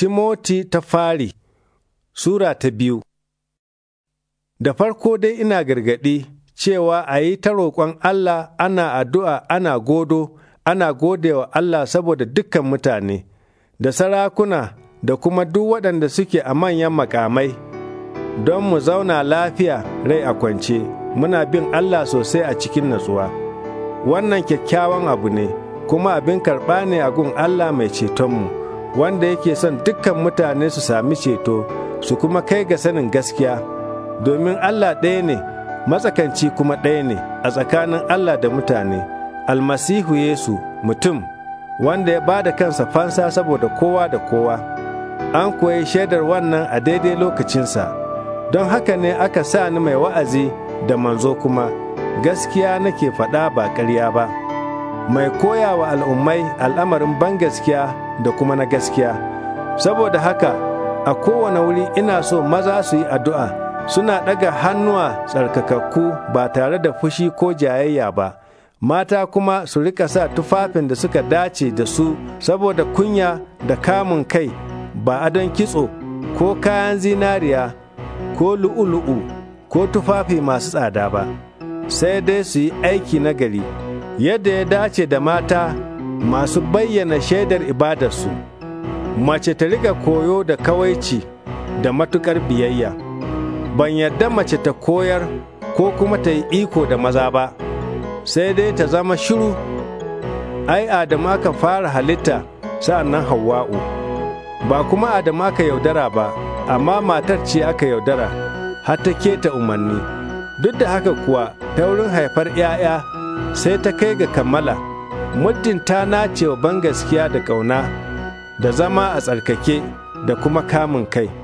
Timoti ta fari Sura ta biyu Da farko dai ina gargaɗi cewa a yi ta roƙon Allah ana addu'a ana godo, ana gode wa Allah saboda dukkan mutane, da sarakuna da kuma duk waɗanda suke a manyan makamai, don mu zauna lafiya rai a kwance, muna bin Allah sosai a cikin natsuwa. Wannan kyakkyawan abu ne, kuma abin karɓa ne a gun Allah mai cetonmu. wanda yake son dukkan mutane su sami ceto su kuma kai ga sanin gaskiya domin Allah ɗaya ne matsakanci kuma ɗaya ne a tsakanin Allah da mutane almasihu Yesu mutum wanda ya ba da kansa fansa saboda kowa da kowa an kuwa yi shaidar wannan a daidai lokacinsa don haka ne aka sa ni mai wa'azi da manzo kuma gaskiya nake faɗa ba ƙarya ba. mai koya wa al'ummai al'amarin ban gaskiya da kuma na gaskiya saboda haka a kowane wuri ina so maza su yi addu'a suna ɗaga hannuwa tsarkakakku ba tare da fushi ko jayayya ba mata kuma su rika sa tufafin da suka dace da su saboda kunya da kamun kai ba adon kitso ko kayan zinariya ko lu'u-lu'u, ko tufafi masu tsada ba sai dai su yi aiki na gari yadda ya dace da mata masu bayyana shaidar ibadarsu mace ta riga koyo da kawaici da matukar biyayya ban yadda mace ta koyar ko kuma ta yi iko da maza ba sai dai ta zama shiru ai adama ka fara halitta sa'annan hawa'u ba kuma adama ka yaudara ba amma matar ce aka yaudara har ta keta umarni duk da haka kuwa ta wurin haifar 'ya'ya sai ta kai ga kammala muddin ta nace wa gaskiya da ƙauna da zama a tsarkake da kuma kamun kai.